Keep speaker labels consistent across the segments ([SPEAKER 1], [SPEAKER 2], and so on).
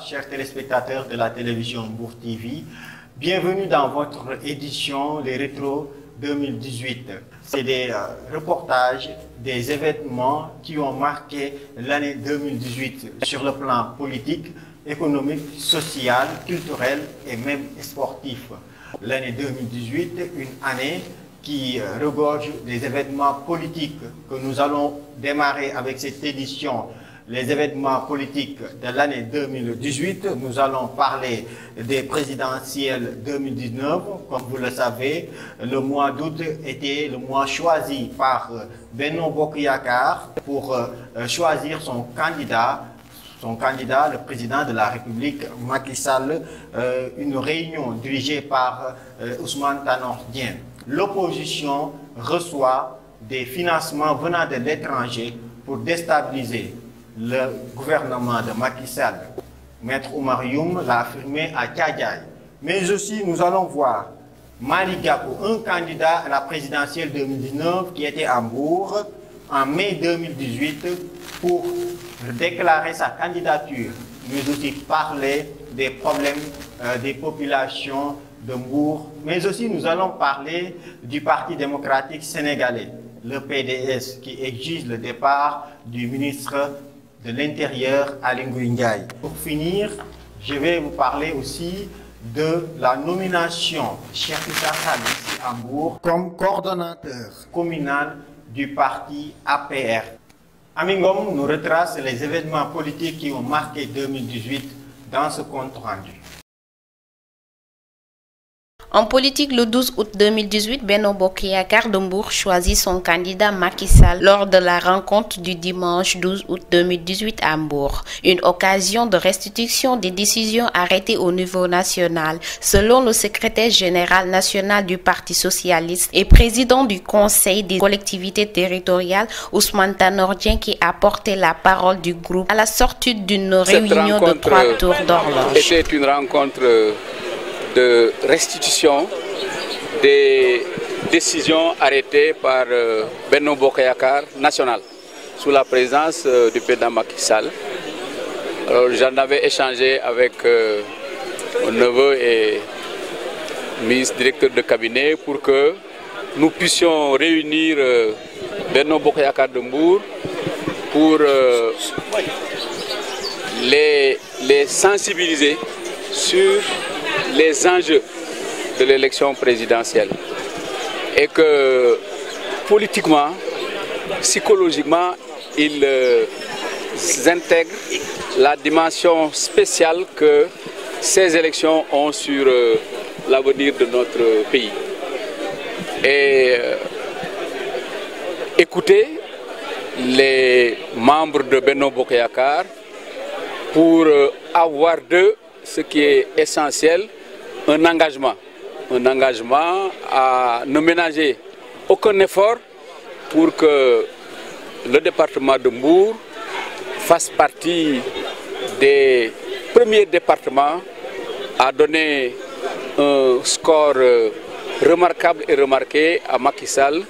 [SPEAKER 1] chers téléspectateurs de la télévision Bourg TV. Bienvenue dans votre édition Les Rétro 2018. C'est des euh, reportages des événements qui ont marqué l'année 2018 sur le plan politique, économique, social, culturel et même sportif. L'année 2018, une année qui euh, regorge des événements politiques que nous allons démarrer avec cette édition les événements politiques de l'année 2018. Nous allons parler des présidentielles 2019. Comme vous le savez, le mois d'août était le mois choisi par Benoît Bokriakar pour euh, choisir son candidat son candidat, le président de la République, Macky Sall, euh, une réunion dirigée par euh, Ousmane Tanordien. L'opposition reçoit des financements venant de l'étranger pour déstabiliser le gouvernement de Macky Sall. Maître Omar Youm l'a affirmé à Tchadjaï. Mais aussi, nous allons voir Mali un candidat à la présidentielle 2019 qui était à Bourg en mai 2018 pour déclarer sa candidature, mais aussi parler des problèmes euh, des populations de Mbourg. Mais aussi, nous allons parler du Parti démocratique sénégalais, le PDS, qui exige le départ du ministre de l'Intérieur, à Linguingay. Pour finir, je vais vous parler aussi de la nomination Cheikh Issa Hambourg comme coordonnateur communal du parti APR. Amingom nous retrace les événements politiques qui ont marqué 2018 dans ce compte rendu.
[SPEAKER 2] En politique, le 12 août 2018, Beno bokia de choisit son candidat Macky Sall lors de la rencontre du dimanche 12 août 2018 à Hambourg. une occasion de restitution des décisions arrêtées au niveau national, selon le secrétaire général national du Parti socialiste et président du Conseil des collectivités territoriales, Ousmane Tanordien, qui a porté la parole du groupe à la sortie d'une réunion de trois tours d'horloge.
[SPEAKER 3] une rencontre de restitution des décisions arrêtées par euh, Benno Bokayakar national sous la présence euh, du président Macky Alors j'en avais échangé avec euh, mon neveu et ministre directeur de cabinet pour que nous puissions réunir euh, Benno Bokayakar de Mbourg pour les, les sensibiliser sur les enjeux de l'élection présidentielle. Et que politiquement, psychologiquement, ils euh, intègrent la dimension spéciale que ces élections ont sur euh, l'avenir de notre pays. Et euh, écoutez les membres de Beno Bokeyakar pour avoir d'eux ce qui est essentiel, un engagement. Un engagement à ne ménager aucun effort pour que le département de Mbour fasse partie des premiers départements à donner un score remarquable et remarqué à Macky Sall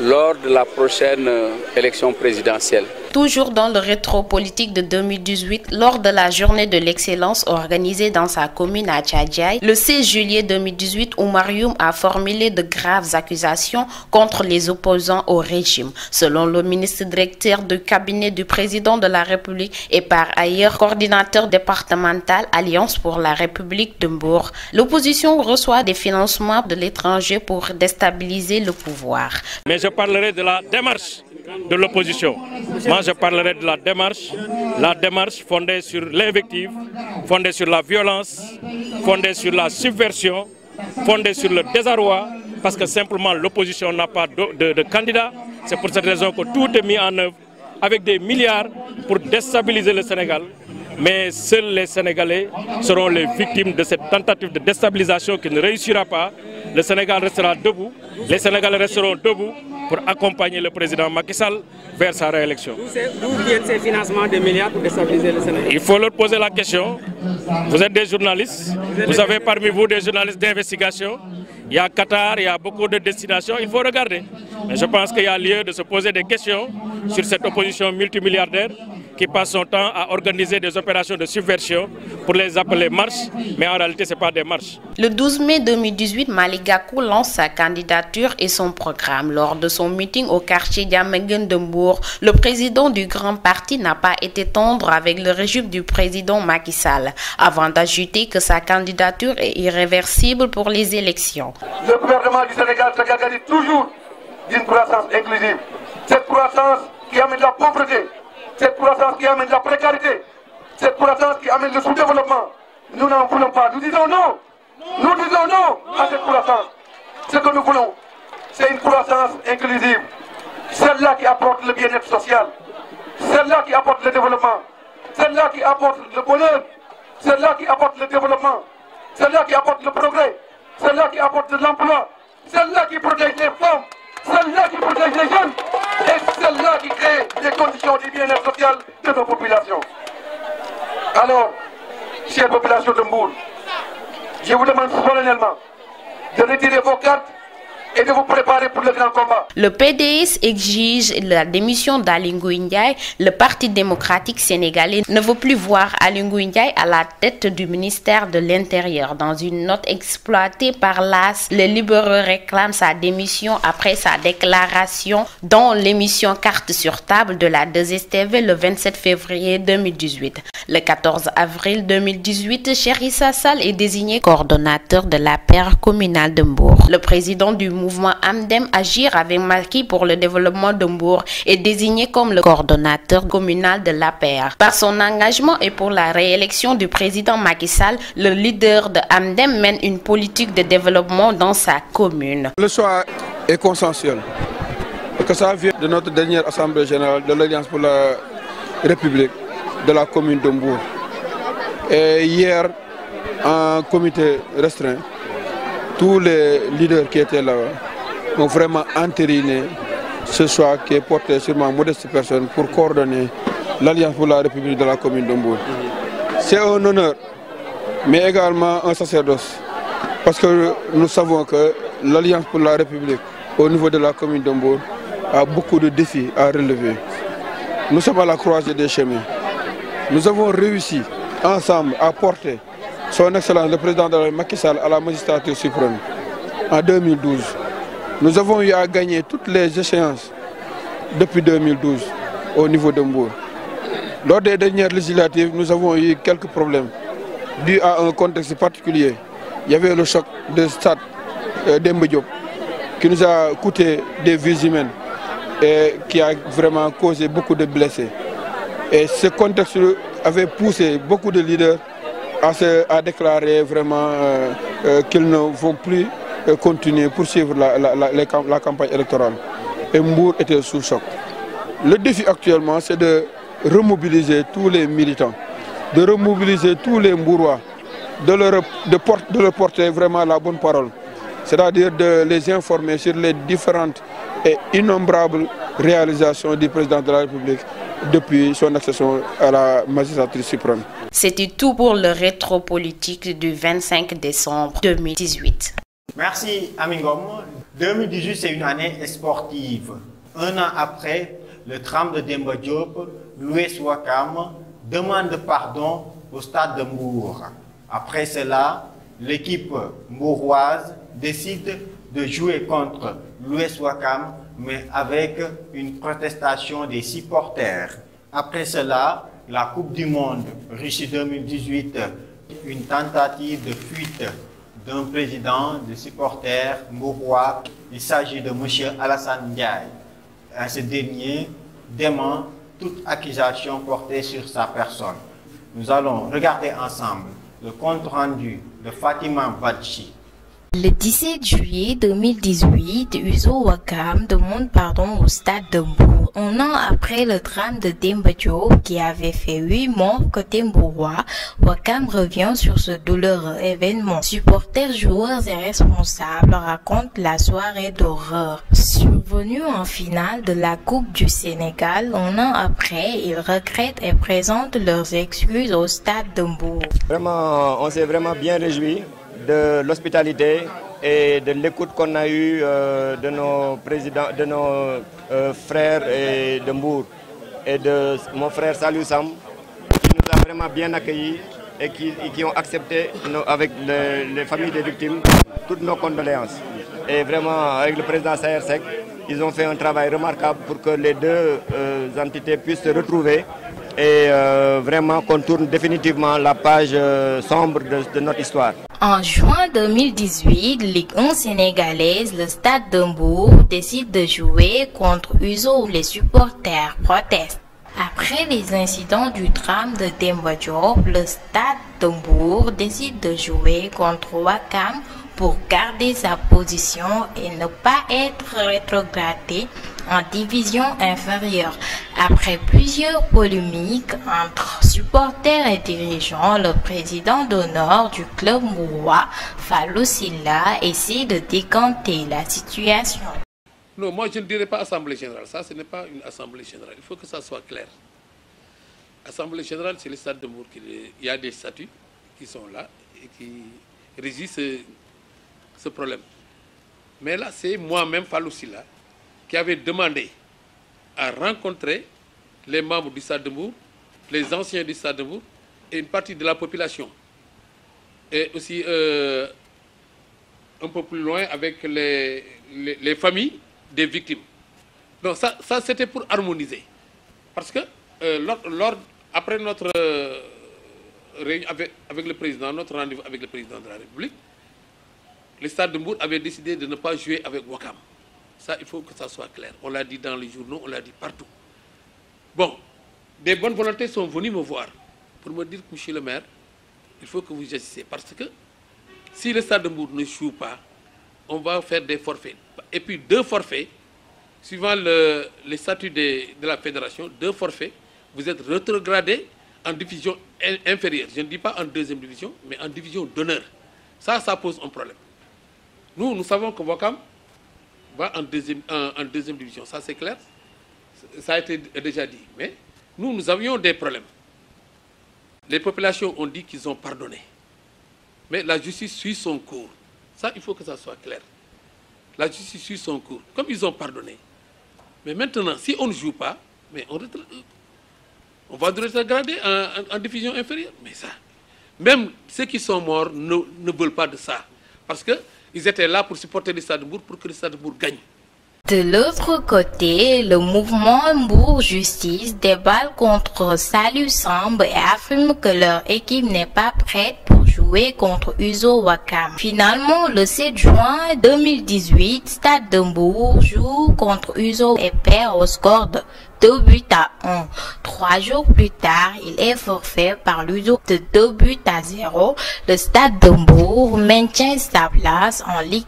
[SPEAKER 3] lors de la prochaine élection présidentielle.
[SPEAKER 2] Toujours dans le rétro politique de 2018, lors de la journée de l'excellence organisée dans sa commune à Tchadjaï, le 16 juillet 2018, Oumarium a formulé de graves accusations contre les opposants au régime. Selon le ministre directeur du cabinet du président de la République et par ailleurs coordinateur départemental Alliance pour la République de Mbourg, l'opposition reçoit des financements de l'étranger pour déstabiliser le pouvoir.
[SPEAKER 4] Mais je parlerai de la démarche de l'opposition. Moi, je parlerai de la démarche, la démarche fondée sur l'invective, fondée sur la violence, fondée sur la subversion, fondée sur le désarroi, parce que simplement l'opposition n'a pas de, candidat. C'est pour cette raison que tout est mis en œuvre avec des milliards pour déstabiliser le Sénégal, mais seuls les Sénégalais seront les victimes de cette tentative de déstabilisation qui ne réussira pas. Le Sénégal restera debout, les Sénégalais resteront debout pour accompagner le président Macky Sall vers sa réélection.
[SPEAKER 3] D'où viennent ces financements de
[SPEAKER 4] milliards pour déstabiliser le Sénégal Il faut leur poser la question. Vous êtes des journalistes, vous, avez parmi vous des journalistes d'investigation. Il y a Qatar, il y a beaucoup de destinations, il faut regarder. je pense qu'il y a lieu de se poser des questions sur cette opposition multimilliardaire qui passe son temps à organiser des opérations de subversion pour les appeler marches, mais en réalité, ce n'est pas des
[SPEAKER 2] marches. Le 12 mai 2018, Maligakou lance sa candidature et son programme. Lors de son meeting au quartier Diamegendembourg, le président du grand parti n'a pas été tendre avec le régime du président Macky Sall, avant d'ajouter que sa candidature est irréversible pour les élections.
[SPEAKER 5] Le gouvernement du Sénégal se gagne toujours d'une croissance inclusive. Cette croissance qui amène la pauvreté, cette croissance qui amène la précarité, cette croissance qui amène le sous-développement, nous n'en voulons pas. Nous disons non. Nous disons non à cette croissance. Ce que nous voulons, c'est une croissance inclusive. Celle-là qui apporte le bien-être social, celle-là qui apporte le développement, celle-là qui apporte le bonheur, celle-là qui apporte le développement, celle-là qui apporte le progrès, celle-là qui apporte de l'emploi, celle-là qui protège les femmes, celle-là qui protège les jeunes et celle-là qui crée les conditions du bien-être social de nos populations. Alors, chère population de Mboul, je vous demande solennellement de retirer vos cartes et de vous préparer pour le grand combat.
[SPEAKER 2] Le PDS exige la démission d'Alingou Le Parti démocratique sénégalais ne veut plus voir Alingou à la tête du ministère de l'Intérieur. Dans une note exploitée par l'AS, les libéraux réclament sa démission après sa déclaration dans l'émission Carte sur table de la 2STV le 27 février 2018. Le 14 avril 2018, Chéri Sassal est désigné coordonnateur de la paire communale de Mbourg. Le président du mouvement Amdem Agir avec Marquis pour le développement d'Ombourg et désigné comme le coordonnateur communal de l'APR. Par son engagement et pour la réélection du président Macky Sall, le leader de Amdem mène une politique de développement dans sa commune. Le choix
[SPEAKER 5] est consensuel. Que ça vient de notre dernière assemblée générale de l'Alliance pour la République de la commune d'Ombourg. Et hier, un comité restreint tous les leaders qui étaient là ont vraiment entériné ce choix qui est porté sur ma modeste personne pour coordonner l'Alliance pour la République de la commune d'Ombou. C'est un honneur, mais également un sacerdoce, parce que nous savons que l'Alliance pour la République au niveau de la commune d'Ombourg a beaucoup de défis à relever. Nous sommes à la croisée des chemins. Nous avons réussi ensemble à porter son Excellence le Président de la Macky à la magistrature suprême en 2012. Nous avons eu à gagner toutes les échéances depuis 2012 au niveau de Lors des dernières législatives, nous avons eu quelques problèmes dus à un contexte particulier. Il y avait le choc de stade euh, d'Embediop qui nous a coûté des vies humaines et qui a vraiment causé beaucoup de blessés. Et ce contexte avait poussé beaucoup de leaders a, déclaré vraiment euh, euh, qu'ils ne vont plus euh, continuer, poursuivre la, la, campagne électorale. Et Mbour était sous choc. Le défi actuellement, c'est de remobiliser tous les militants, de remobiliser tous les Mbourois, de leur porter vraiment la bonne parole, c'est-à-dire de les informer sur les différentes et innombrables réalisations du président de la République, depuis son accession à la magistrature suprême.
[SPEAKER 2] C'était tout pour le rétro-politique du 25 décembre 2018.
[SPEAKER 1] Merci Amingom. 2018, c'est une année sportive. Un an après, le tram de Demba Diop, Louis Wakam, demande pardon au stade de Mour. Après cela, l'équipe mouroise décide de jouer contre Louis Wakam mais avec une protestation des supporters. Après cela, la Coupe du Monde Russie 2018, une tentative de fuite d'un président de supporters mourois. Il s'agit de M. Alassane Ndiaye. À ce dernier dément toute accusation portée sur sa personne. Nous allons regarder ensemble le compte-rendu de Fatima Bachi.
[SPEAKER 6] Le 17 juillet 2018, Uzo Wakam demande pardon au stade de Mbour. Un an après le drame de Dembacho qui avait fait huit morts côté Mbourois, Wakam revient sur ce douloureux événement. Supporters, joueurs et responsables racontent la soirée d'horreur. Survenu en finale de la Coupe du Sénégal, un an après, ils regrettent et présentent leurs excuses au stade de
[SPEAKER 1] Vraiment, on s'est vraiment bien réjouis de l'hospitalité et de l'écoute qu'on a eue euh, de nos, présidents, de nos euh, frères et de Mbourg et de mon frère Salou Sam qui nous a vraiment bien accueillis et qui, ont accepté avec les, familles des victimes toutes nos condoléances. Et vraiment, avec le président Sec, ils ont fait un travail remarquable pour que les deux euh, entités puissent se retrouver et vraiment qu'on tourne définitivement la page sombre de notre histoire.
[SPEAKER 6] En juin 2018, Ligue 1 sénégalaise, le Stade d'Hambourg décide de jouer contre Uzo. où les supporters protestent. Après les incidents du drame de Demba le Stade d'Hambourg décide de jouer contre Wakam pour garder sa position et ne pas être rétrogradé en division inférieure. Après plusieurs polémiques entre supporters et dirigeants, le président d'honneur du club Mourois, Fallou Silla, essaie de décanter la situation. Non, moi je
[SPEAKER 7] ne dirais pas assemblée générale. Ça, ce n'est pas une assemblée générale. Il faut que ça soit clair. Assemblée générale, c'est le stade de Mour. Il y a des statuts qui sont là et qui régissent ce problème. Mais là, c'est moi-même, Silla qui avait demandé à rencontrer les membres du Sadebourg, les anciens du Sadebourg, et une partie de la population. Et aussi euh, un peu plus loin avec les, familles des victimes. Donc ça, c'était pour harmoniser. Parce que euh, après notre euh, réunion avec, le président, notre rendez-vous avec le président de la République, le stade de Mbour avait décidé de ne pas jouer avec Wakam. Ça, il faut que ça soit clair. On l'a dit dans les journaux, on l'a dit partout. Bon, des bonnes volontés sont venues me voir pour me dire, que, monsieur le maire, il faut que vous agissiez. Parce que si le stade de Mbour ne joue pas, on va faire des forfaits. Et puis deux forfaits, suivant le, statut de, de, la fédération, deux forfaits, vous êtes retrogradé en division inférieure. Je ne dis pas en deuxième division, mais en division d'honneur. Ça, ça pose un problème. Nous, nous savons que Wakam va en deuxième, en, deuxième division, ça c'est clair, ça a été déjà dit. Mais nous, nous avions des problèmes. Les populations ont dit qu'ils ont pardonné. Mais la justice suit son cours. Ça, il faut que ça soit clair. La justice suit son cours, comme ils ont pardonné. Mais maintenant, si on ne joue pas, mais on, va retarder en, en, en, division inférieure. Mais ça, même ceux qui sont morts ne, ne veulent pas de ça. Parce que ils étaient là pour supporter le Bourg, pour que le gagne.
[SPEAKER 6] De l'autre côté, le mouvement Bourg Justice déballe contre Salut Samb et affirme que leur équipe n'est pas prête pour jouer contre Uzo Wakam. Finalement, le 7 juin 2018, Stade de Mbourg joue contre Uzo et perd au score de 2 buts à 1. Trois jours plus tard, il est forfait par l'USO de 2 buts à 0. Le stade de Bourg maintient sa place en Ligue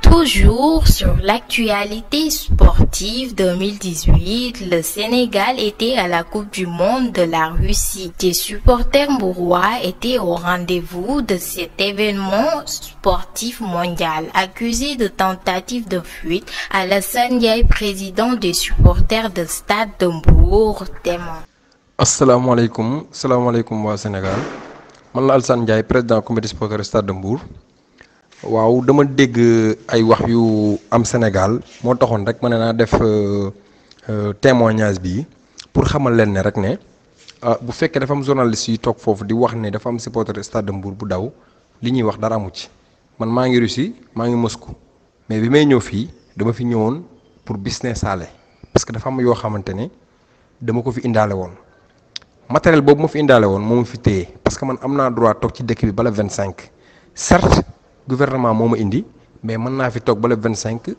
[SPEAKER 6] Toujours sur l'actualité sportive 2018, le Sénégal était à la Coupe du Monde de la Russie. Des supporters bourrois étaient au rendez-vous de cet événement sportif mondial. Accusé de tentative de fuite, Alassane Diaye, président des supporters de Stade de Bourg, wóor témoin
[SPEAKER 8] asalaamaaleykum salaamaaleykum waa Sénégal man la Alsane Ndiaye président comité sportif Stade de Mbour waaw dama dégg ay wax yu am Sénégal moo taxoon rek ma ne naa def euh, euh, témoignage bi pour xamal leen ne rek ne ah, bu fekkee dafa am journaliste yi toog foofu di wax ne dafa am supporter Stade de Mbour bu daw li ñuy wax dara amu ci man maa ngi Russie maa ngi Moscou mais bi may ñëw fii dama fi ñëwoon pour business saale parce que dafa am yoo xamante ne dama ko fi indaale woon matériel boobu ma fi indaale woon moo ma fi téye parce que man am naa droit toog ci dëkk bi bala vingt cinq certes gouvernement moo ma indi mais mën naa fi toog bala vingt cinq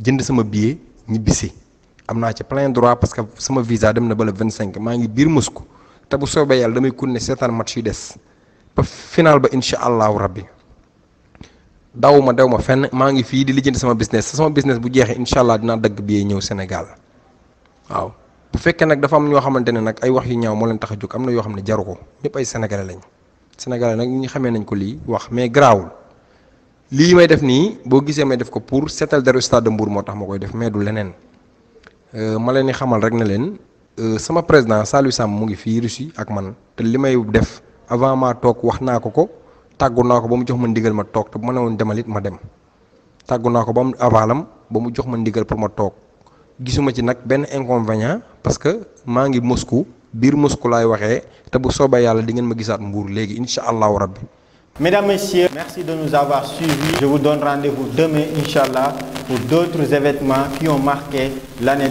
[SPEAKER 8] jënd sama billet ñibbisi am naa ci plein droit parce que sama visa dem na bala vingt cinq maa ngi biir Moscou te bu soobee yàlla damay continuer seetaan match yu des ba final ba incha allahu rabbi daw ma daw ma fenn maa ngi fii di lijjanti sama business sama business bu jeexee incha allah dinaa dagg billet ñëw Sénégal waaw. bu fekke nak dafa am ño xamantene nak ay wax yu ñaaw mo leen taxaju am na yoo xam jaru ko ñëpp ay sénégalais lañ sénégalais nak ñi xamé nañ ko li wax mais grawul li may def ni bo gisé may def ko pour sétal deru stade de Mbour motax makoy def mais du leneen euh, ma leen ni xamal rek na leen euh, sama président salu sam mu ngi fi Russie ak man te li may def avant ma tok wax naa ko ko tàggu naa ko jox ma ndigal ma tok te bu ma ne ma dem tàggu naa ko avalam bamu jox man ndigal pour ma tok gisuma ci nak ben inconvénient parce que maa ngi Moscou biir Moscou laay waxee te bu soobee yàlla di ngeen ma gisaat mbuur léegi incha allahu rabbi.
[SPEAKER 1] Mesdames, Messieurs, merci de nous avoir suivis. Je vous donne rendez-vous demain, Inch'Allah, pour d'autres événements qui ont marqué l'année